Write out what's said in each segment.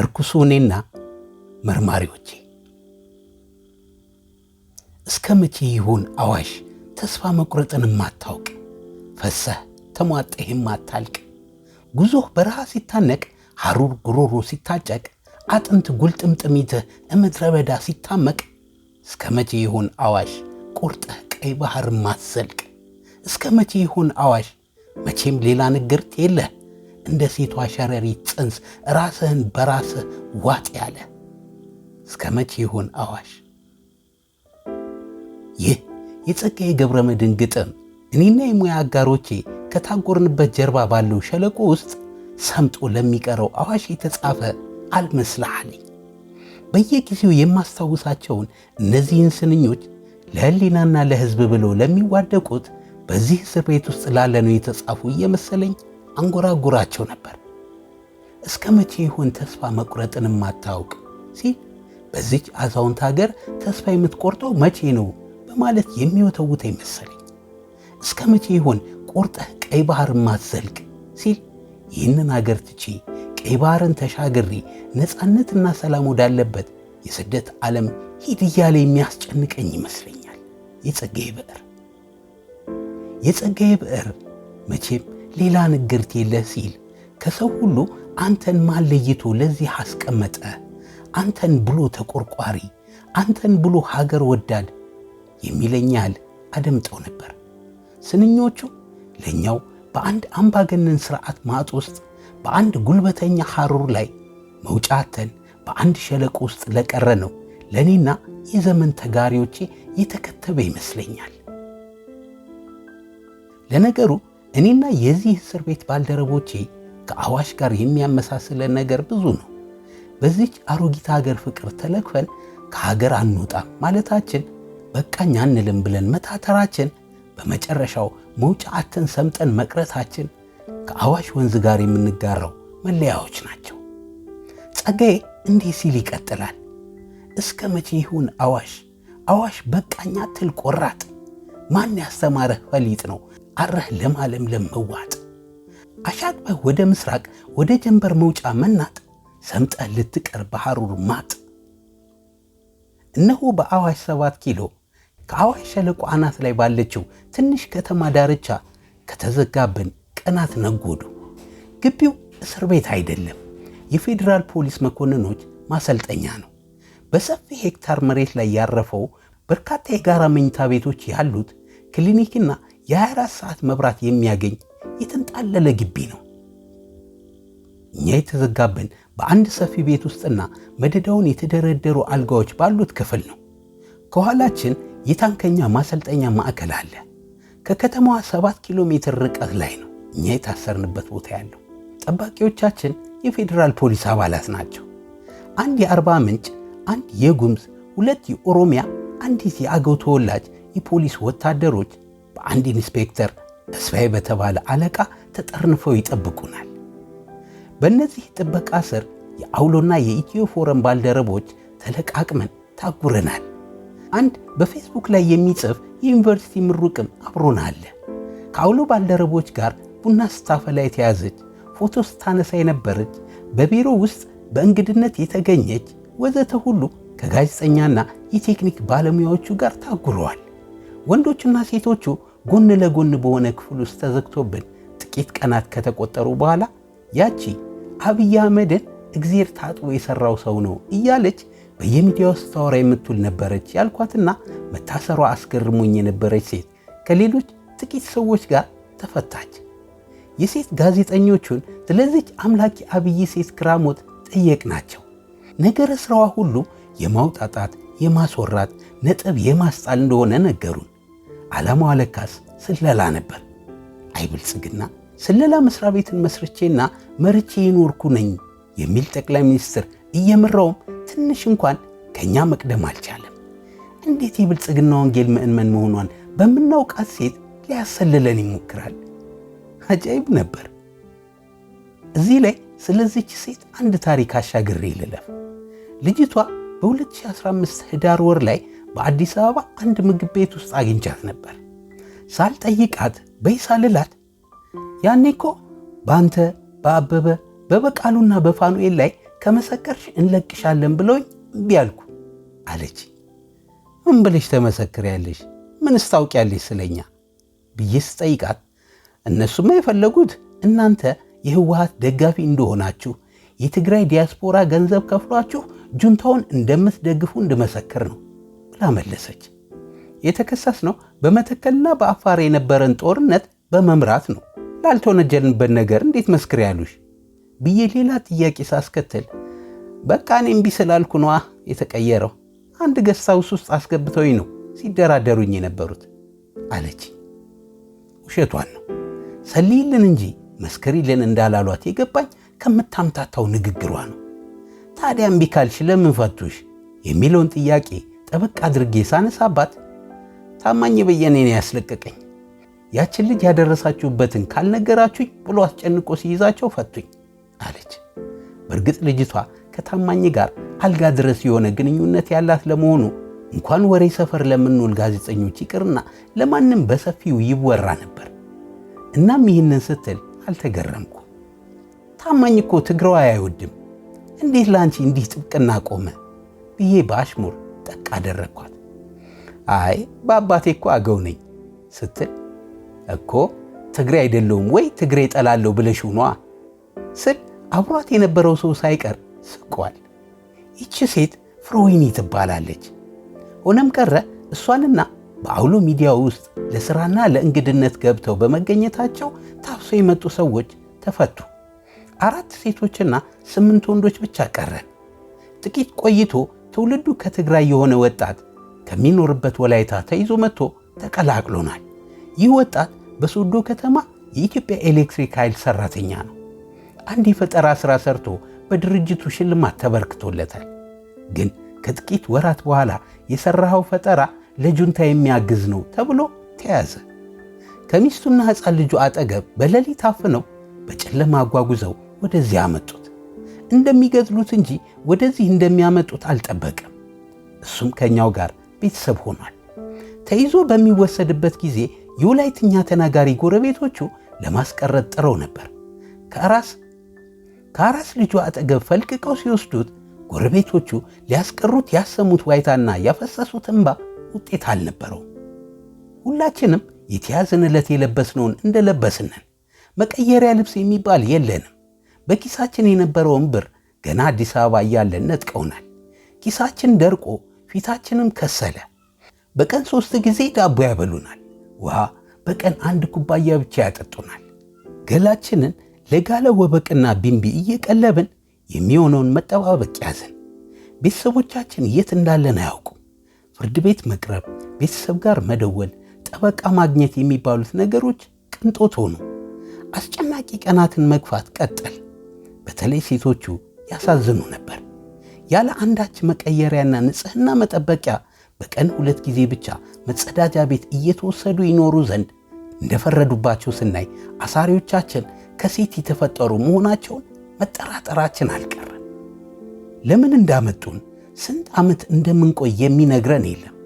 እርኩሱ እኔና መርማሪዎቼ እስከ መቼ ይሆን አዋሽ ተስፋ መቁረጥን የማታውቅ ፈሰህ ተሟጠህ የማታልቅ ጉዞህ በረሃ ሲታነቅ ሐሩር ጉሮሮ ሲታጨቅ አጥንት ጉልጥምጥሚትህ እምድረ በዳ ሲታመቅ እስከ መቼ ይሆን አዋሽ ቁርጠህ ቀይ ባህር ማትዘልቅ እስከ መቼ ይሆን አዋሽ መቼም ሌላ ንግርት የለህ እንደ ሴቷ ሸረሪት ጽንስ ራስህን በራስህ ዋጥ ያለ እስከ መቼ ይሆን አዋሽ? ይህ የጸጋዬ ገብረ መድኅን ግጥም እኔና የሙያ አጋሮቼ ከታጎርንበት ጀርባ ባለው ሸለቆ ውስጥ ሰምጦ ለሚቀረው አዋሽ የተጻፈ አልመስልሃልኝ። በየጊዜው የማስታውሳቸውን እነዚህን ስንኞች ለህሊናና ለሕዝብ ብለው ለሚዋደቁት በዚህ እስር ቤት ውስጥ ላለነው የተጻፉ እየመሰለኝ አንጎራጉራቸው ነበር። እስከ መቼ ይሆን ተስፋ መቁረጥን ማታውቅ ሲል በዚች አዛውንት ሀገር ተስፋ የምትቆርጠው መቼ ነው በማለት የሚወተውት አይመሰለኝ። እስከ መቼ ይሆን ቆርጠህ ቀይ ባህር ማትዘልቅ ሲል ይህንን አገር ትቼ ቀይ ባህርን ተሻግሪ ነፃነትና ሰላም ወዳለበት የስደት ዓለም ሂድ እያለ የሚያስጨንቀኝ ይመስለኛል። የጸጋዬ ብዕር የጸጋዬ ብዕር መቼም ሌላ ንግርት የለህ ሲል ከሰው ሁሉ አንተን ማን ለይቶ ለዚህ አስቀመጠ? አንተን ብሎ ተቆርቋሪ፣ አንተን ብሎ ሀገር ወዳድ የሚለኛል አደምጠው ነበር። ስንኞቹ ለእኛው በአንድ አምባገነን ስርዓት ማጥ ውስጥ በአንድ ጉልበተኛ ሐሩር ላይ መውጫተን በአንድ ሸለቆ ውስጥ ለቀረ ነው ለእኔና የዘመን ተጋሪዎቼ የተከተበ ይመስለኛል። ለነገሩ እኔና የዚህ እስር ቤት ባልደረቦቼ ከአዋሽ ጋር የሚያመሳስለን ነገር ብዙ ነው። በዚች አሮጊት ሀገር ፍቅር ተለክፈን ከሀገር አንወጣም ማለታችን፣ በቃኝ አንልም ብለን መታተራችን፣ በመጨረሻው መውጫ አጥተን ሰምጠን መቅረታችን ከአዋሽ ወንዝ ጋር የምንጋራው መለያዎች ናቸው። ጸጋዬ እንዲህ ሲል ይቀጥላል። እስከ መቼ ይሁን አዋሽ አዋሽ በቃኝ አትል ቆራጥ፣ ማን ያስተማረህ ፈሊጥ ነው አረህ ለማለምለም መዋጥ አሻቅበህ ወደ ምስራቅ ወደ ጀንበር መውጫ መናጥ ሰምጠህ ልትቀር በሐሩር ማጥ። እነሆ በአዋሽ ሰባት ኪሎ ከአዋሽ ሸለቆ አናት ላይ ባለችው ትንሽ ከተማ ዳርቻ ከተዘጋብን ቀናት ነጎዱ። ግቢው እስር ቤት አይደለም፣ የፌዴራል ፖሊስ መኮንኖች ማሰልጠኛ ነው። በሰፊ ሄክታር መሬት ላይ ያረፈው በርካታ የጋራ መኝታ ቤቶች ያሉት ክሊኒክና የ24 ሰዓት መብራት የሚያገኝ የተንጣለለ ግቢ ነው። እኛ የተዘጋብን በአንድ ሰፊ ቤት ውስጥና መደዳውን የተደረደሩ አልጋዎች ባሉት ክፍል ነው። ከኋላችን የታንከኛ ማሰልጠኛ ማዕከል አለ። ከከተማዋ ሰባት ኪሎ ሜትር ርቀት ላይ ነው እኛ የታሰርንበት ቦታ ያለው። ጠባቂዎቻችን የፌዴራል ፖሊስ አባላት ናቸው። አንድ የአርባ ምንጭ፣ አንድ የጉምዝ፣ ሁለት የኦሮሚያ፣ አንዲት የአገው ተወላጅ የፖሊስ ወታደሮች በአንድ ኢንስፔክተር ተስፋዬ በተባለ አለቃ ተጠርንፈው ይጠብቁናል። በእነዚህ ጥበቃ ስር የአውሎና የኢትዮ ፎረም ባልደረቦች ተለቃቅመን ታጉረናል። አንድ በፌስቡክ ላይ የሚጽፍ የዩኒቨርሲቲ ምሩቅም አብሮን አለ። ከአውሎ ባልደረቦች ጋር ቡና ስታፈላ የተያዘች፣ ፎቶ ስታነሳ የነበረች፣ በቢሮ ውስጥ በእንግድነት የተገኘች ወዘተ ሁሉ ከጋዜጠኛና የቴክኒክ ባለሙያዎቹ ጋር ታጉረዋል። ወንዶቹና ሴቶቹ ጎን ለጎን በሆነ ክፍል ውስጥ ተዘግቶብን ጥቂት ቀናት ከተቆጠሩ በኋላ ያቺ አብይ አህመድን እግዜር ታጥቦ የሰራው ሰው ነው እያለች በየሚዲያው ስታወራ የምትውል ነበረች ያልኳትና መታሰሯ አስገርሞኝ የነበረች ሴት ከሌሎች ጥቂት ሰዎች ጋር ተፈታች። የሴት ጋዜጠኞቹን ስለዚች አምላኪ አብይ ሴት ክራሞት ጠየቅናቸው። ነገረ ስራዋ ሁሉ የማውጣጣት፣ የማስወራት፣ ነጥብ የማስጣል እንደሆነ ነገሩን። ዓላማዋ ስለላ ነበር። አይ ብልጽግና ስለላ መስሪያ ቤትን መስርቼና መርቼ የኖርኩ ነኝ የሚል ጠቅላይ ሚኒስትር እየመራውም ትንሽ እንኳን ከእኛ መቅደም አልቻለም። እንዴት የብልጽግና ወንጌል ምዕመን መሆኗን በምናውቃት ሴት ሊያሰልለን ይሞክራል? አጃይብ ነበር። እዚህ ላይ ስለዚች ሴት አንድ ታሪክ አሻግሬ ልለፍ። ልጅቷ በ2015 ህዳር ወር ላይ በአዲስ አበባ አንድ ምግብ ቤት ውስጥ አግኝቻት ነበር። ሳልጠይቃት በይ ሳልላት ያኔ እኮ በአንተ በአበበ በበቃሉና በፋኑኤል ላይ ከመሰከርሽ እንለቅሻለን ብለውኝ እምቢ አልኩ አለች። ምን ብለሽ ተመሰክሪያለሽ? ምን ስታውቂያለሽ ስለኛ ብዬ ስጠይቃት እነሱማ የፈለጉት እናንተ የህወሀት ደጋፊ እንደሆናችሁ የትግራይ ዲያስፖራ ገንዘብ ከፍሏችሁ ጁንታውን እንደምትደግፉ እንድመሰክር ነው። ብላ መለሰች። የተከሳስ ነው በመተከልና በአፋር የነበረን ጦርነት በመምራት ነው። ላልተወነጀልንበት ነገር እንዴት መስክር ያሉሽ ብዬ ሌላ ጥያቄ ሳስከትል በቃ እኔም ስላልኩ ነዋ የተቀየረው አንድ ገሳ ውስጥ ውስጥ አስገብተውኝ ነው ሲደራደሩኝ የነበሩት አለች። ውሸቷን ነው ሰልይልን እንጂ መስክሪልን እንዳላሏት የገባኝ ከምታምታታው ንግግሯ ነው። ታዲያ እምቢ ካልሽ ለምን ፈቱሽ የሚለውን ጥያቄ ጠበቅ አድርጌ ሳነሳባት ታማኝ በየኔን ነው ያስለቀቀኝ። ያችን ልጅ ያደረሳችሁበትን ካልነገራችሁኝ ብሎ አስጨንቆ ሲይዛቸው ፈቱኝ አለች። በእርግጥ ልጅቷ ከታማኝ ጋር አልጋ ድረስ የሆነ ግንኙነት ያላት ለመሆኑ እንኳን ወሬ ሰፈር ለምንውል ጋዜጠኞች ይቅርና ለማንም በሰፊው ይወራ ነበር። እናም ይህንን ስትል አልተገረምኩ። ታማኝ እኮ ትግረዋ አይወድም፣ እንዴት ለአንቺ እንዲህ ጥብቅና ቆመ ብዬ በአሽሙር ጠቅ አደረግኳት። አይ በአባቴ እኮ አገው ነኝ ስትል እኮ ትግሬ አይደለውም ወይ ትግሬ ጠላለሁ ብለሽ ሁኗ ስል አብሯት የነበረው ሰው ሳይቀር ስቋል። ይቺ ሴት ፍሮዊኒ ትባላለች። ሆነም ቀረ እሷንና በአውሎ ሚዲያ ውስጥ ለሥራና ለእንግድነት ገብተው በመገኘታቸው ታፍሶ የመጡ ሰዎች ተፈቱ። አራት ሴቶችና ስምንት ወንዶች ብቻ ቀረን። ጥቂት ቆይቶ ትውልዱ ከትግራይ የሆነ ወጣት ከሚኖርበት ወላይታ ተይዞ መጥቶ ተቀላቅሎናል። ይህ ወጣት በሶዶ ከተማ የኢትዮጵያ ኤሌክትሪክ ኃይል ሰራተኛ ነው። አንድ የፈጠራ ሥራ ሰርቶ በድርጅቱ ሽልማት ተበርክቶለታል። ግን ከጥቂት ወራት በኋላ የሠራኸው ፈጠራ ለጁንታ የሚያግዝ ነው ተብሎ ተያዘ። ከሚስቱና ሕፃን ልጁ አጠገብ በሌሊት አፍነው በጨለማ አጓጉዘው ወደዚያ አመጡት። እንደሚገድሉት እንጂ ወደዚህ እንደሚያመጡት አልጠበቅም። እሱም ከእኛው ጋር ቤተሰብ ሆኗል። ተይዞ በሚወሰድበት ጊዜ የወላይትኛ ተናጋሪ ጎረቤቶቹ ለማስቀረት ጥረው ነበር። ከአራስ ከአራስ ልጁ አጠገብ ፈልቅቀው ሲወስዱት ጎረቤቶቹ ሊያስቀሩት ያሰሙት ዋይታና ያፈሰሱት እንባ ውጤት አልነበረው። ሁላችንም የተያዝንለት የለበስነውን እንደለበስንን መቀየሪያ ልብስ የሚባል የለንም። በኪሳችን የነበረውን ብር ገና አዲስ አበባ እያለን ነጥቀውናል። ኪሳችን ደርቆ ፊታችንም ከሰለ። በቀን ሶስት ጊዜ ዳቦ ያበሉናል። ውሃ በቀን አንድ ኩባያ ብቻ ያጠጡናል። ገላችንን ለጋለ ወበቅና ቢንቢ እየቀለብን የሚሆነውን መጠባበቅ ያዘን። ቤተሰቦቻችን የት እንዳለን አያውቁም። ፍርድ ቤት መቅረብ፣ ቤተሰብ ጋር መደወል፣ ጠበቃ ማግኘት የሚባሉት ነገሮች ቅንጦት ሆኑ። አስጨናቂ ቀናትን መግፋት ቀጠል በተለይ ሴቶቹ ያሳዝኑ ነበር። ያለ አንዳች መቀየሪያና ንጽህና መጠበቂያ በቀን ሁለት ጊዜ ብቻ መጸዳጃ ቤት እየተወሰዱ ይኖሩ ዘንድ እንደፈረዱባቸው ስናይ አሳሪዎቻችን ከሴት የተፈጠሩ መሆናቸውን መጠራጠራችን አልቀረም። ለምን እንዳመጡን ስንት ዓመት እንደምንቆይ የሚነግረን የለም።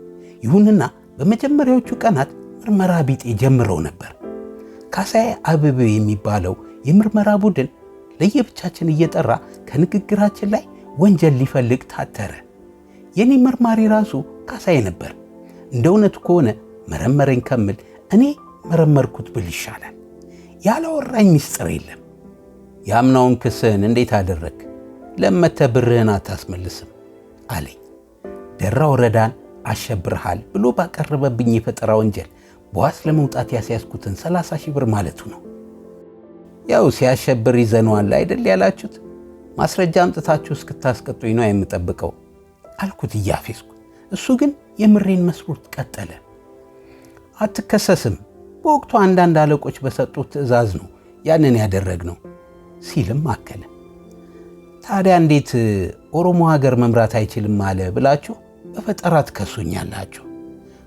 ይሁንና በመጀመሪያዎቹ ቀናት ምርመራ ቢጤ ጀምረው ነበር። ካሳይ አበቤው የሚባለው የምርመራ ቡድን ለየብቻችን እየጠራ ከንግግራችን ላይ ወንጀል ሊፈልግ ታተረ። የኔ መርማሪ ራሱ ካሳይ ነበር። እንደ እውነቱ ከሆነ መረመረኝ ከምል እኔ መረመርኩት ብል ይሻላል። ያላወራኝ ምስጢር የለም። የአምናውን ክስህን እንዴት አደረግ? ለመተ ብርህን አታስመልስም አለኝ። ደራ ወረዳን አሸብርሃል ብሎ ባቀረበብኝ የፈጠራ ወንጀል በዋስ ለመውጣት ያስያዝኩትን 30 ሺህ ብር ማለቱ ነው። ያው ሲያሸብር ይዘነዋል አይደል ያላችሁት፣ ማስረጃ አምጥታችሁ እስክታስቀጡኝ ነው የምጠብቀው አልኩት እያፌዝኩ። እሱ ግን የምሬን መስሎት ቀጠለ። አትከሰስም፣ በወቅቱ አንዳንድ አለቆች በሰጡት ትዕዛዝ ነው ያንን ያደረግነው ሲልም አከለ። ታዲያ እንዴት ኦሮሞ ሀገር መምራት አይችልም አለ ብላችሁ በፈጠራ ትከሱኛላችሁ?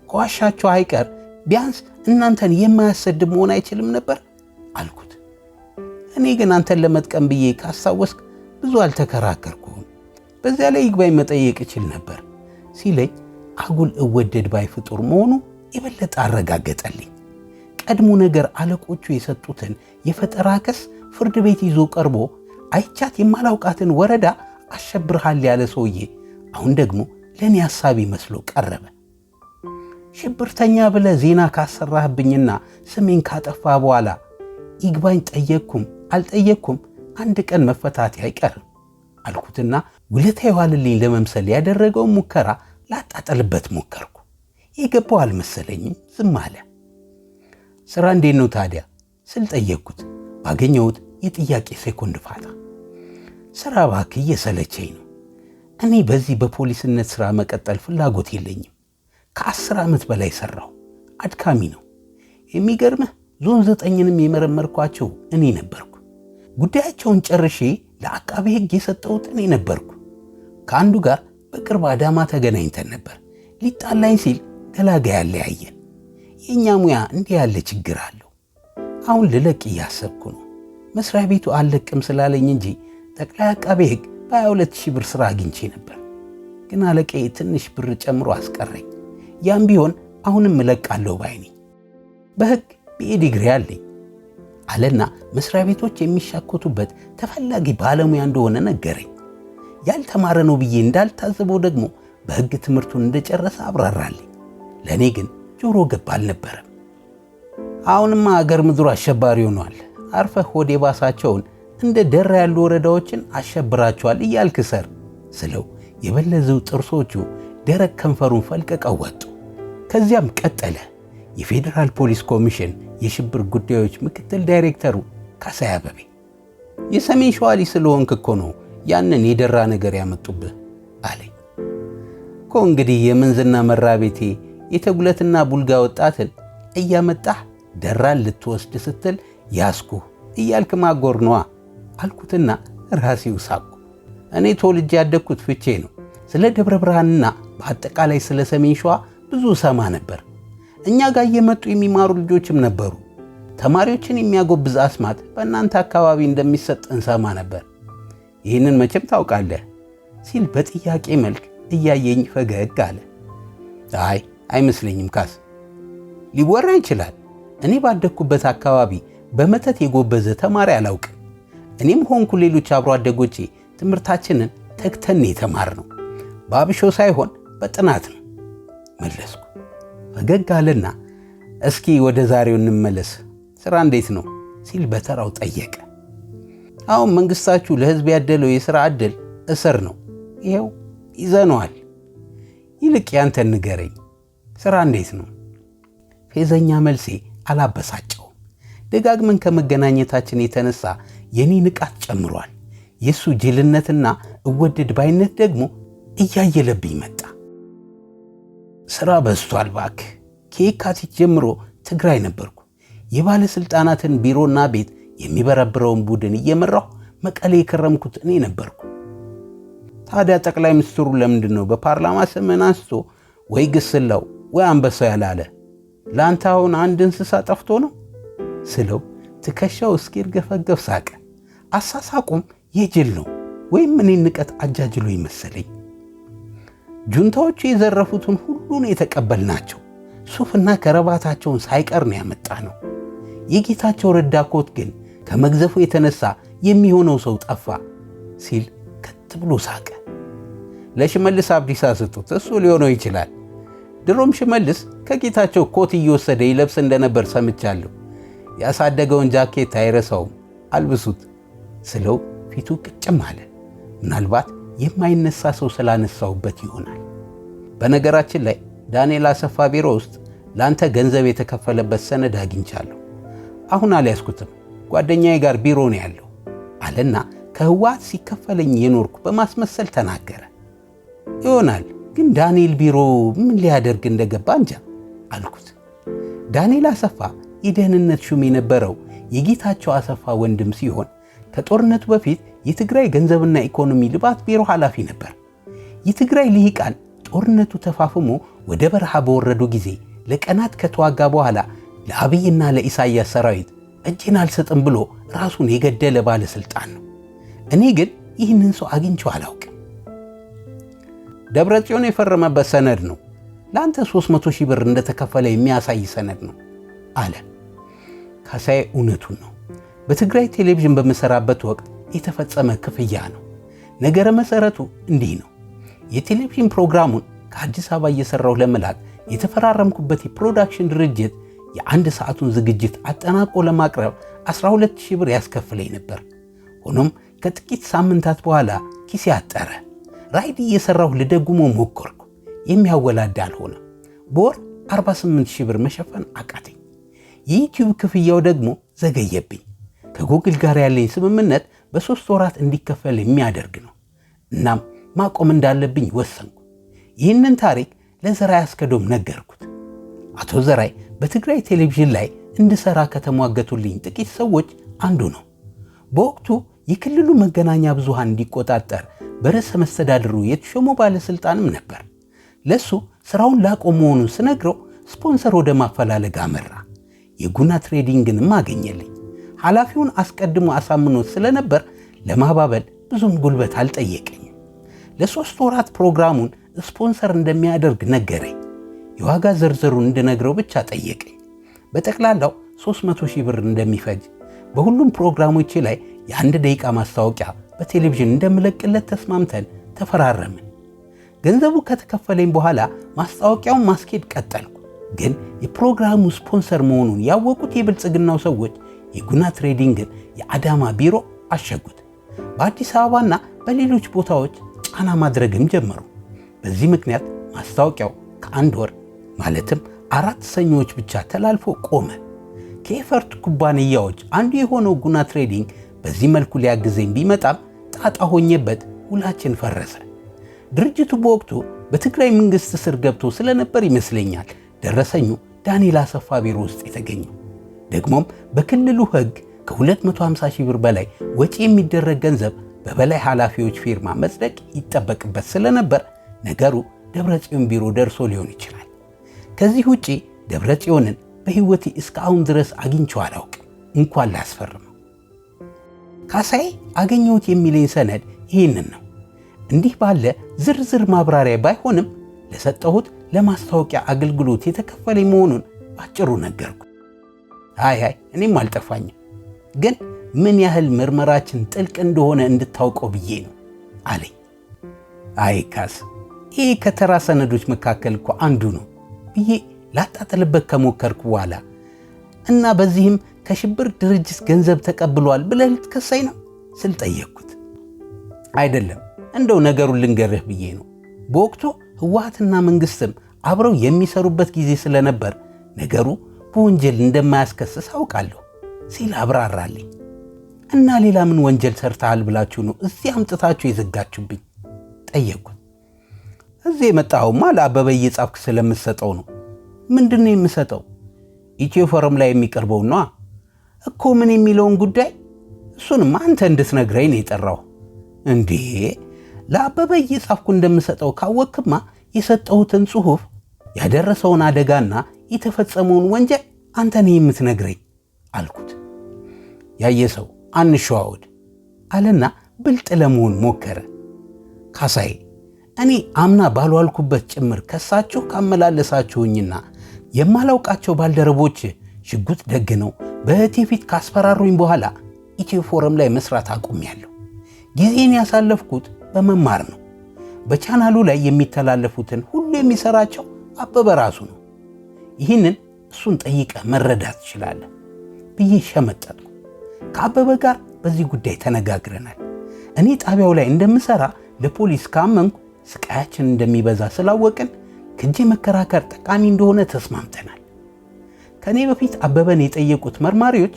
ከዋሻችሁ አይቀር ቢያንስ እናንተን የማያሰድብ መሆን አይችልም ነበር አልኩት። እኔ ግን አንተን ለመጥቀም ብዬ ካስታወስክ ብዙ አልተከራከርኩም፣ በዚያ ላይ ይግባኝ መጠየቅ እችል ነበር ሲለኝ አጉል እወደድ ባይ ፍጡር መሆኑ የበለጠ አረጋገጠልኝ። ቀድሞ ነገር አለቆቹ የሰጡትን የፈጠራ ክስ ፍርድ ቤት ይዞ ቀርቦ አይቻት የማላውቃትን ወረዳ አሸብርሃል ያለ ሰውዬ አሁን ደግሞ ለእኔ ሐሳቢ መስሎ ቀረበ። ሽብርተኛ ብለ ዜና ካሰራህብኝና ስሜን ካጠፋ በኋላ ይግባኝ ጠየቅኩም አልጠየቅኩም፣ አንድ ቀን መፈታት አይቀርም አልኩትና ውለታ የዋልልኝ ለመምሰል ያደረገውን ሙከራ ላጣጠልበት ሞከርኩ። የገባው አልመሰለኝም፣ ዝም አለ። ስራ እንዴት ነው ታዲያ ስል ጠየቅኩት። ባገኘሁት የጥያቄ ሴኮንድ ፋታ ስራ እባክህ እየሰለቸኝ ነው። እኔ በዚህ በፖሊስነት ስራ መቀጠል ፍላጎት የለኝም። ከአስር ዓመት በላይ ሠራሁ። አድካሚ ነው። የሚገርምህ ዞን ዘጠኝንም የመረመርኳቸው እኔ ነበር። ጉዳያቸውን ጨርሼ ለአቃቤ ሕግ የሰጠሁት እኔ ነበርኩ። ከአንዱ ጋር በቅርብ አዳማ ተገናኝተን ነበር። ሊጣላኝ ሲል ገላጋ ያለያየን። የእኛ ሙያ እንዲህ ያለ ችግር አለው። አሁን ልለቅ እያሰብኩ ነው። መስሪያ ቤቱ አልለቅም ስላለኝ እንጂ ጠቅላይ አቃቤ ሕግ በ22 ሺህ ብር ሥራ አግኝቼ ነበር። ግን አለቃዬ ትንሽ ብር ጨምሮ አስቀረኝ። ያም ቢሆን አሁንም እለቃለሁ ባይ ነኝ። በሕግ ቢኤ ዲግሪ አለኝ። አለና መስሪያ ቤቶች የሚሻኮቱበት ተፈላጊ ባለሙያ እንደሆነ ነገረኝ። ያልተማረ ነው ብዬ እንዳልታዘበው ደግሞ በሕግ ትምህርቱን እንደጨረሰ አብራራልኝ። ለእኔ ግን ጆሮ ገብ አልነበረም። አሁንማ አገር ምድሩ አሸባሪ ሆኗል። አርፈህ ሆድ የባሳቸውን እንደ ደራ ያሉ ወረዳዎችን አሸብራቸዋል እያልክ ሰር ስለው የበለዘው ጥርሶቹ ደረቅ ከንፈሩን ፈልቀቀው ወጡ። ከዚያም ቀጠለ። የፌዴራል ፖሊስ ኮሚሽን የሽብር ጉዳዮች ምክትል ዳይሬክተሩ ካሳዬ አበቤ የሰሜን ሸዋሊ ስለሆንክ እኮ ነው ያንን የደራ ነገር ያመጡብህ አለኝ። እኮ እንግዲህ የምንዝና መራቤቴ የተጉለትና ቡልጋ ወጣትን እያመጣህ ደራን ልትወስድ ስትል ያስኩህ እያልክ ማጎር ነዋ አልኩትና ራሴው ሳቁ። እኔ ተወልጄ ያደግኩት ፍቼ ነው። ስለ ደብረ ብርሃንና በአጠቃላይ ስለ ሰሜን ሸዋ ብዙ ሰማ ነበር። እኛ ጋር እየመጡ የሚማሩ ልጆችም ነበሩ። ተማሪዎችን የሚያጎብዝ አስማት በእናንተ አካባቢ እንደሚሰጥ እንሰማ ነበር። ይህንን መቼም ታውቃለህ ሲል በጥያቄ መልክ እያየኝ ፈገግ አለ። አይ አይመስለኝም ካስ፣ ሊወራ ይችላል። እኔ ባደግኩበት አካባቢ በመተት የጎበዘ ተማሪ አላውቅም። እኔም ሆንኩ ሌሎች አብሮ አደጎቼ ትምህርታችንን ተግተን የተማር ነው። በአብሾ ሳይሆን በጥናት ነው መለስኩ። ፈገግ አለና እስኪ ወደ ዛሬው እንመለስ፣ ስራ እንዴት ነው ሲል በተራው ጠየቀ። አሁን መንግስታችሁ ለህዝብ ያደለው የሥራ ዕድል እስር ነው፣ ይኸው ይዘነዋል። ይልቅ ያንተ ንገረኝ፣ ስራ እንዴት ነው? ፌዘኛ መልሴ አላበሳጨውም። ደጋግመን ከመገናኘታችን የተነሳ የኔ ንቃት ጨምሯል፣ የእሱ ጅልነትና እወደድ ባይነት ደግሞ እያየለብኝ መጣ። ስራ በዝቷል እባክህ። ከየካቲት ጀምሮ ትግራይ ነበርኩ። የባለሥልጣናትን ቢሮና ቤት የሚበረብረውን ቡድን እየመራሁ መቀሌ የከረምኩት እኔ ነበርኩ። ታዲያ ጠቅላይ ሚኒስትሩ ለምንድን ነው በፓርላማ ስምን አንስቶ ወይ ግስላው ወይ አንበሳው ያላለ? ለአንተ አሁን አንድ እንስሳ ጠፍቶ ነው ስለው ትከሻው እስኪርገፈገፍ ሳቀ። አሳሳቁም የጅል ነው ወይም እኔ ንቀት አጃጅሎ ይመሰለኝ። ጁንታዎቹ የዘረፉትን ሁሉን የተቀበልናቸው ሱፍና ከረባታቸውን ሳይቀር ነው ያመጣ ነው። የጌታቸው ረዳ ኮት ግን ከመግዘፉ የተነሳ የሚሆነው ሰው ጠፋ ሲል ከት ብሎ ሳቀ። ለሽመልስ አብዲሳ ስጡት፣ እሱ ሊሆነው ይችላል። ድሮም ሽመልስ ከጌታቸው ኮት እየወሰደ ይለብስ እንደነበር ሰምቻለሁ። ያሳደገውን ጃኬት አይረሳውም፣ አልብሱት ስለው ፊቱ ቅጭም አለ። ምናልባት የማይነሳ ሰው ስላነሳውበት ይሆናል። በነገራችን ላይ ዳንኤል አሰፋ ቢሮ ውስጥ ለአንተ ገንዘብ የተከፈለበት ሰነድ አግኝቻለሁ። አሁን አልያዝኩትም፣ ጓደኛዬ ጋር ቢሮ ነው ያለው አለና ከህወሓት ሲከፈለኝ የኖርኩ በማስመሰል ተናገረ። ይሆናል ግን ዳንኤል ቢሮ ምን ሊያደርግ እንደገባ እንጃ አልኩት። ዳንኤል አሰፋ የደህንነት ሹም የነበረው የጌታቸው አሰፋ ወንድም ሲሆን ከጦርነቱ በፊት የትግራይ ገንዘብና ኢኮኖሚ ልባት ቢሮ ኃላፊ ነበር። የትግራይ ልሂቃን ጦርነቱ ተፋፍሞ ወደ በረሃ በወረዱ ጊዜ ለቀናት ከተዋጋ በኋላ ለአብይና ለኢሳያስ ሰራዊት እጄን አልሰጥም ብሎ ራሱን የገደለ ባለሥልጣን ነው። እኔ ግን ይህንን ሰው አግኝቼው አላውቅም። ደብረ ጽዮን የፈረመበት ሰነድ ነው። ለአንተ 300 ሺህ ብር እንደተከፈለ የሚያሳይ ሰነድ ነው አለ ካሳዬ። እውነቱን ነው። በትግራይ ቴሌቪዥን በምሠራበት ወቅት የተፈጸመ ክፍያ ነው። ነገረ መሰረቱ እንዲህ ነው። የቴሌቪዥን ፕሮግራሙን ከአዲስ አበባ እየሰራሁ ለመላክ የተፈራረምኩበት የፕሮዳክሽን ድርጅት የአንድ ሰዓቱን ዝግጅት አጠናቆ ለማቅረብ 12 ሺህ ብር ያስከፍለኝ ነበር። ሆኖም ከጥቂት ሳምንታት በኋላ ኪሴ አጠረ። ራይድ እየሰራሁ ልደጉሞ ሞከርኩ። የሚያወላዳ አልሆነ። በወር 48 ብር መሸፈን አቃተኝ። የዩቲዩብ ክፍያው ደግሞ ዘገየብኝ። ከጉግል ጋር ያለኝ ስምምነት በሶስት ወራት እንዲከፈል የሚያደርግ ነው። እናም ማቆም እንዳለብኝ ወሰንኩ። ይህንን ታሪክ ለዘራይ አስከዶም ነገርኩት። አቶ ዘራይ በትግራይ ቴሌቪዥን ላይ እንድሠራ ከተሟገቱልኝ ጥቂት ሰዎች አንዱ ነው። በወቅቱ የክልሉ መገናኛ ብዙሃን እንዲቆጣጠር በርዕሰ መስተዳድሩ የተሾመ ባለሥልጣንም ነበር። ለሱ ሥራውን ላቆ መሆኑን ስነግረው ስፖንሰር ወደ ማፈላለግ አመራ። የጉና ትሬዲንግንም አገኘልኝ። ኃላፊውን አስቀድሞ አሳምኖት ስለነበር ለማባበል ብዙም ጉልበት አልጠየቀኝም። ለሦስት ወራት ፕሮግራሙን ስፖንሰር እንደሚያደርግ ነገረኝ። የዋጋ ዝርዝሩን እንድነግረው ብቻ ጠየቀኝ። በጠቅላላው 300 ሺህ ብር እንደሚፈጅ፣ በሁሉም ፕሮግራሞቼ ላይ የአንድ ደቂቃ ማስታወቂያ በቴሌቪዥን እንደምለቅለት ተስማምተን ተፈራረምን። ገንዘቡ ከተከፈለኝ በኋላ ማስታወቂያውን ማስኬድ ቀጠልኩ። ግን የፕሮግራሙ ስፖንሰር መሆኑን ያወቁት የብልጽግናው ሰዎች የጉና ትሬዲንግን የአዳማ ቢሮ አሸጉት። በአዲስ አበባና በሌሎች ቦታዎች ጫና ማድረግም ጀመሩ። በዚህ ምክንያት ማስታወቂያው ከአንድ ወር ማለትም አራት ሰኞዎች ብቻ ተላልፎ ቆመ። ከኤፈርት ኩባንያዎች አንዱ የሆነው ጉና ትሬዲንግ በዚህ መልኩ ሊያግዘኝ ቢመጣም ጣጣ ሆኜበት ውላችን ፈረሰ። ድርጅቱ በወቅቱ በትግራይ መንግሥት ስር ገብቶ ስለነበር ይመስለኛል ደረሰኙ ዳንኤል አሰፋ ቢሮ ውስጥ የተገኘው። ደግሞም በክልሉ ሕግ ከ250 ሺህ ብር በላይ ወጪ የሚደረግ ገንዘብ በበላይ ኃላፊዎች ፊርማ መጽደቅ ይጠበቅበት ስለነበር ነገሩ ደብረጽዮን ቢሮ ደርሶ ሊሆን ይችላል። ከዚህ ውጪ ደብረጽዮንን በሕይወቴ እስካሁን ድረስ አግኝቼው አላውቅም፣ እንኳን ላስፈርመው። ካሳዬ አገኘሁት የሚለኝ ሰነድ ይህንን ነው። እንዲህ ባለ ዝርዝር ማብራሪያ ባይሆንም ለሰጠሁት ለማስታወቂያ አገልግሎት የተከፈለኝ መሆኑን ባጭሩ ነገርኩ። አይ አይ እኔም አልጠፋኝም፣ ግን ምን ያህል ምርመራችን ጥልቅ እንደሆነ እንድታውቀው ብዬ ነው አለኝ። አይ ካስ ይህ ከተራ ሰነዶች መካከል እኮ አንዱ ነው ብዬ ላጣጥልበት ከሞከርኩ በኋላ እና በዚህም ከሽብር ድርጅት ገንዘብ ተቀብሏል ብለህ ልትከሳይ ነው ስል ጠየቅኩት። አይደለም እንደው ነገሩን ልንገርህ ብዬ ነው። በወቅቱ ህወሓትና መንግስትም አብረው የሚሰሩበት ጊዜ ስለነበር ነገሩ በወንጀል እንደማያስከስስ አውቃለሁ ሲል አብራራልኝ። እና ሌላ ምን ወንጀል ሰርተሃል ብላችሁ ነው እዚህ አምጥታችሁ የዘጋችሁብኝ? ጠየቅኩት። እዚህ የመጣኸውማ ለአበበ እየጻፍክ ስለምትሰጠው ነው። ምንድን ነው የምሰጠው? ኢትዮ ፎረም ላይ ነ እኮ ምን የሚለውን ጉዳይ እሱንም አንተ እንድትነግረኝ ነው የጠራው። እንዴ ለአበበ እየጻፍኩ እንደምሰጠው ካወክማ የሰጠሁትን ጽሑፍ ያደረሰውን አደጋና የተፈጸመውን ወንጀል አንተ ነህ የምትነግረኝ አልኩት። ያየ ሰው አንሸዋወድ አለና ብልጥ ለመሆን ሞከረ። ካሳዬ እኔ አምና ባልዋልኩበት ጭምር ከሳችሁ ካመላለሳችሁኝና የማላውቃቸው ባልደረቦች ሽጉጥ ደግነው በእህቴ ፊት ካስፈራሩኝ በኋላ ኢትዮ ፎረም ላይ መስራት አቁሜያለሁ። ጊዜን ያሳለፍኩት በመማር ነው። በቻናሉ ላይ የሚተላለፉትን ሁሉ የሚሰራቸው አበበ ራሱ ነው። ይህንን እሱን ጠይቀ መረዳት ትችላለህ ብዬ ሸመጠጥኩ። ከአበበ ጋር በዚህ ጉዳይ ተነጋግረናል። እኔ ጣቢያው ላይ እንደምሰራ ለፖሊስ ካመንኩ ስቃያችን እንደሚበዛ ስላወቅን ከእጄ መከራከር ጠቃሚ እንደሆነ ተስማምተናል። ከእኔ በፊት አበበን የጠየቁት መርማሪዎች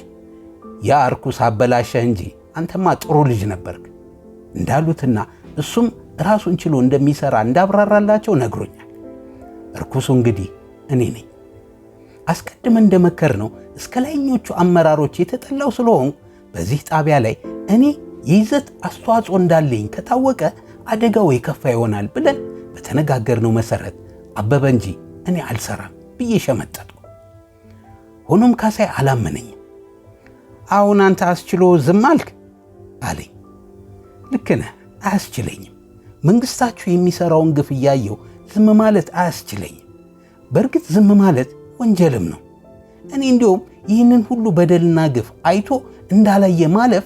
ያ እርኩስ አበላሸህ እንጂ አንተማ ጥሩ ልጅ ነበርክ እንዳሉትና እሱም ራሱን ችሎ እንደሚሰራ እንዳብራራላቸው ነግሮኛል። እርኩሱ እንግዲህ እኔ ነኝ። አስቀድመን እንደመከር ነው እስከ ላይኞቹ አመራሮች የተጠላው ስለሆን በዚህ ጣቢያ ላይ እኔ የይዘት አስተዋጽኦ እንዳለኝ ከታወቀ አደጋው የከፋ ይሆናል ብለን በተነጋገርነው መሰረት አበበ እንጂ እኔ አልሰራም ብዬ ሸመጠጥኩ። ሆኖም ካሳይ አላመነኝም። አሁን አንተ አስችሎ ዝም አልክ አለኝ። ልክ ነህ፣ አያስችለኝም። መንግሥታችሁ የሚሠራውን ግፍ እያየው ዝም ማለት አያስችለኝም። በእርግጥ ዝም ማለት ወንጀልም ነው። እኔ እንዲሁም ይህንን ሁሉ በደልና ግፍ አይቶ እንዳላየ ማለፍ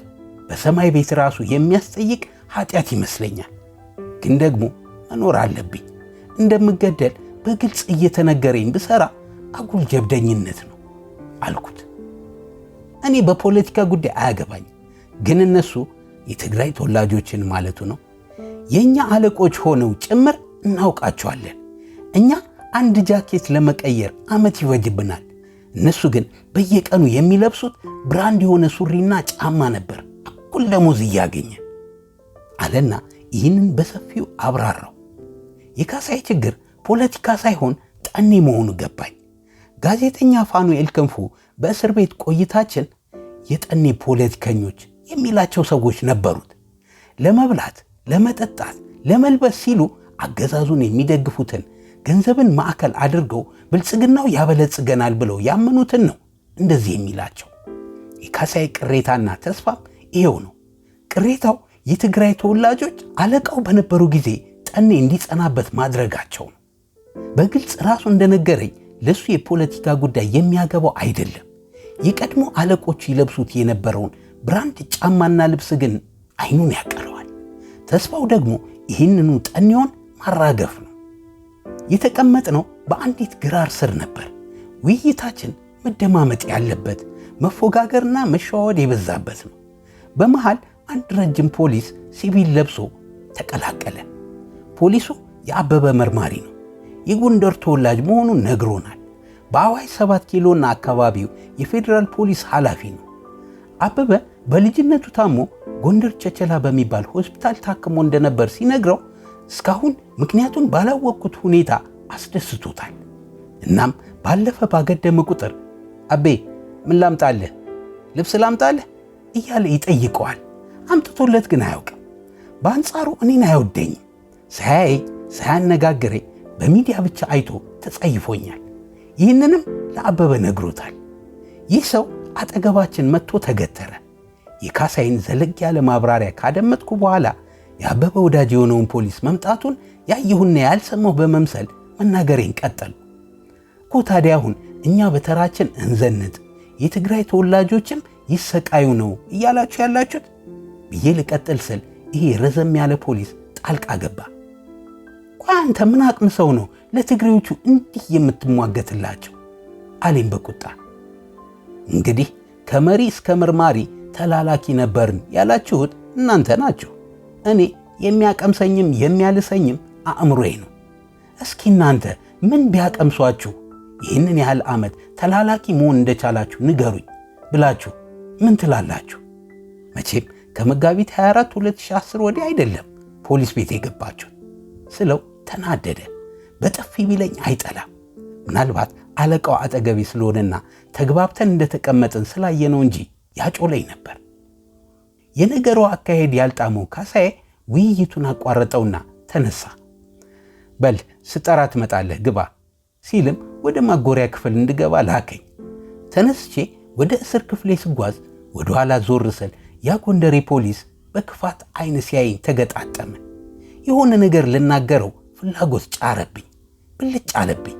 በሰማይ ቤት ራሱ የሚያስጠይቅ ኃጢአት ይመስለኛል። ግን ደግሞ መኖር አለብኝ። እንደምገደል በግልጽ እየተነገረኝ ብሰራ አጉል ጀብደኝነት ነው አልኩት። እኔ በፖለቲካ ጉዳይ አያገባኝ፣ ግን እነሱ የትግራይ ተወላጆችን ማለቱ ነው የእኛ አለቆች ሆነው ጭምር እናውቃቸዋለን እኛ አንድ ጃኬት ለመቀየር ዓመት ይወጅብናል። እነሱ ግን በየቀኑ የሚለብሱት ብራንድ የሆነ ሱሪና ጫማ ነበር። እኩል ደሞዝ እያገኘ አለና ይህንን በሰፊው አብራራው። የካሳዬ ችግር ፖለቲካ ሳይሆን ጠኔ መሆኑ ገባኝ። ጋዜጠኛ ፋኑኤል ክንፉ በእስር ቤት ቆይታችን የጠኔ ፖለቲከኞች የሚላቸው ሰዎች ነበሩት። ለመብላት፣ ለመጠጣት፣ ለመልበስ ሲሉ አገዛዙን የሚደግፉትን ገንዘብን ማዕከል አድርገው ብልጽግናው ያበለጽገናል ብለው ያመኑትን ነው እንደዚህ የሚላቸው። የካሳይ ቅሬታና ተስፋም ይኸው ነው። ቅሬታው የትግራይ ተወላጆች አለቃው በነበሩ ጊዜ ጠኔ እንዲጸናበት ማድረጋቸው ነው። በግልጽ ራሱ እንደነገረኝ ለሱ የፖለቲካ ጉዳይ የሚያገባው አይደለም። የቀድሞ አለቆች ይለብሱት የነበረውን ብራንድ ጫማና ልብስ ግን አይኑን ያቀለዋል። ተስፋው ደግሞ ይህንኑ ጠኔውን ማራገፍ ነው። የተቀመጥነው በአንዲት ግራር ስር ነበር። ውይይታችን መደማመጥ ያለበት መፎጋገርና መሸዋወድ የበዛበት ነው። በመሃል አንድ ረጅም ፖሊስ ሲቪል ለብሶ ተቀላቀለ። ፖሊሱ የአበበ መርማሪ ነው። የጎንደር ተወላጅ መሆኑን ነግሮናል። በአዋሽ ሰባት ኪሎና አካባቢው የፌዴራል ፖሊስ ኃላፊ ነው። አበበ በልጅነቱ ታሞ ጎንደር ቸቸላ በሚባል ሆስፒታል ታክሞ እንደነበር ሲነግረው እስካሁን ምክንያቱን ባላወቅኩት ሁኔታ አስደስቶታል። እናም ባለፈ ባገደመ ቁጥር አቤ ምን ላምጣልህ፣ ልብስ ላምጣልህ እያለ ይጠይቀዋል። አምጥቶለት ግን አያውቅም። በአንጻሩ እኔን አይወደኝም። ሳያይ ሳያነጋግረኝ በሚዲያ ብቻ አይቶ ተጸይፎኛል። ይህንንም ለአበበ ነግሮታል። ይህ ሰው አጠገባችን መጥቶ ተገተረ። የካሳይን ዘለግ ያለ ማብራሪያ ካደመጥኩ በኋላ የአበበ ወዳጅ የሆነውን ፖሊስ መምጣቱን ያየሁና ያልሰማሁ በመምሰል መናገሬን ቀጠል እኮ። ታዲያ አሁን እኛ በተራችን እንዘንጥ፣ የትግራይ ተወላጆችም ይሰቃዩ ነው እያላችሁ ያላችሁት ብዬ ልቀጥል ስል ይሄ ረዘም ያለ ፖሊስ ጣልቃ ገባ። ቆይ አንተ ምን አቅም ሰው ነው ለትግሬዎቹ እንዲህ የምትሟገትላቸው? አሌም በቁጣ እንግዲህ ከመሪ እስከ መርማሪ ተላላኪ ነበርን ያላችሁት እናንተ ናችሁ። እኔ የሚያቀምሰኝም የሚያልሰኝም አእምሮዬ ነው። እስኪ እናንተ ምን ቢያቀምሷችሁ ይህንን ያህል ዓመት ተላላኪ መሆን እንደቻላችሁ ንገሩኝ ብላችሁ ምን ትላላችሁ? መቼም ከመጋቢት 24 2010 ወዲህ አይደለም ፖሊስ ቤት የገባችሁ ስለው ተናደደ። በጥፊ ቢለኝ አይጠላም። ምናልባት አለቃው አጠገቤ ስለሆነና ተግባብተን እንደተቀመጥን ስላየ ነው እንጂ ያጮለኝ ነበር። የነገሩ አካሄድ ያልጣመው ካሳዬ ውይይቱን አቋረጠውና ተነሳ። በል ስጠራ ትመጣለህ፣ ግባ ሲልም ወደ ማጎሪያ ክፍል እንድገባ ላከኝ። ተነስቼ ወደ እስር ክፍሌ ስጓዝ ወደኋላ ዞር ስል ያ ጎንደሬ ፖሊስ በክፋት አይን ሲያይኝ ተገጣጠመ። የሆነ ነገር ልናገረው ፍላጎት ጫረብኝ፣ ብልጭ አለብኝ።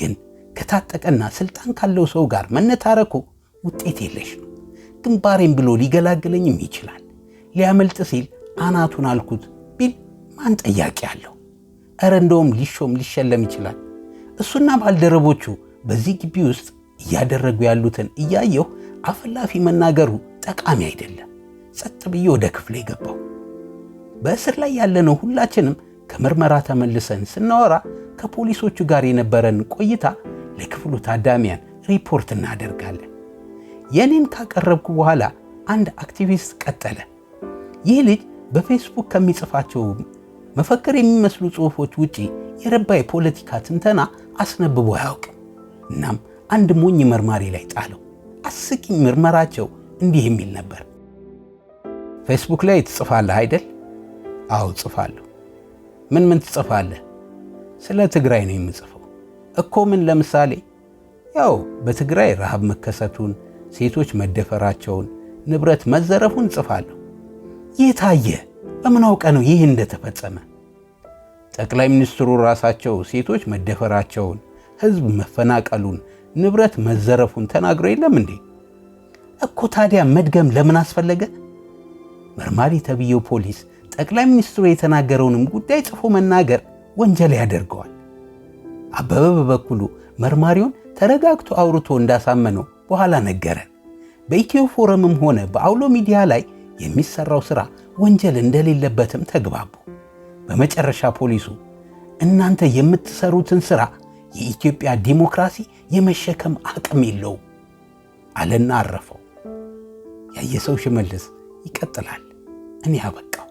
ግን ከታጠቀና ስልጣን ካለው ሰው ጋር መነታረኩ ውጤት የለሽ ነው። ግንባሬን ብሎ ሊገላግለኝም ይችላል። ሊያመልጥ ሲል አናቱን አልኩት ቢል ማን ጠያቂ አለው? እረ እንደውም ሊሾም ሊሸለም ይችላል። እሱና ባልደረቦቹ በዚህ ግቢ ውስጥ እያደረጉ ያሉትን እያየሁ አፈላፊ መናገሩ ጠቃሚ አይደለም። ጸጥ ብዬ ወደ ክፍሌ ገባሁ። በእስር ላይ ያለነው ሁላችንም ከምርመራ ተመልሰን ስናወራ ከፖሊሶቹ ጋር የነበረን ቆይታ ለክፍሉ ታዳሚያን ሪፖርት እናደርጋለን። የኔን ካቀረብኩ በኋላ አንድ አክቲቪስት ቀጠለ። ይህ ልጅ በፌስቡክ ከሚጽፋቸው መፈክር የሚመስሉ ጽሑፎች ውጪ የረባ የፖለቲካ ትንተና አስነብቦ አያውቅም። እናም አንድ ሞኝ መርማሪ ላይ ጣለው። አስቂኝ ምርመራቸው እንዲህ የሚል ነበር። ፌስቡክ ላይ ትጽፋለህ አይደል? አዎ ጽፋለሁ። ምን ምን ትጽፋለህ? ስለ ትግራይ ነው የምጽፈው። እኮ ምን? ለምሳሌ ያው በትግራይ ረሃብ መከሰቱን ሴቶች መደፈራቸውን፣ ንብረት መዘረፉን ጽፋለሁ። ይህ ታየ። በምን አውቀ ነው ይህ እንደተፈጸመ? ጠቅላይ ሚኒስትሩ ራሳቸው ሴቶች መደፈራቸውን፣ ህዝብ መፈናቀሉን፣ ንብረት መዘረፉን ተናግሮ የለም እንዴ? እኮ ታዲያ መድገም ለምን አስፈለገ? መርማሪ ተብዬው ፖሊስ ጠቅላይ ሚኒስትሩ የተናገረውንም ጉዳይ ጽፎ መናገር ወንጀል ያደርገዋል። አበበ በበኩሉ መርማሪውን ተረጋግቶ አውርቶ እንዳሳመነው በኋላ ነገረን። በኢትዮ ፎረምም ሆነ በአውሎ ሚዲያ ላይ የሚሰራው ሥራ ወንጀል እንደሌለበትም ተግባቡ። በመጨረሻ ፖሊሱ እናንተ የምትሰሩትን ሥራ የኢትዮጵያ ዲሞክራሲ የመሸከም አቅም የለው አለና አረፈው። ያየሰው ሽመልስ ይቀጥላል። እኔ አበቃው።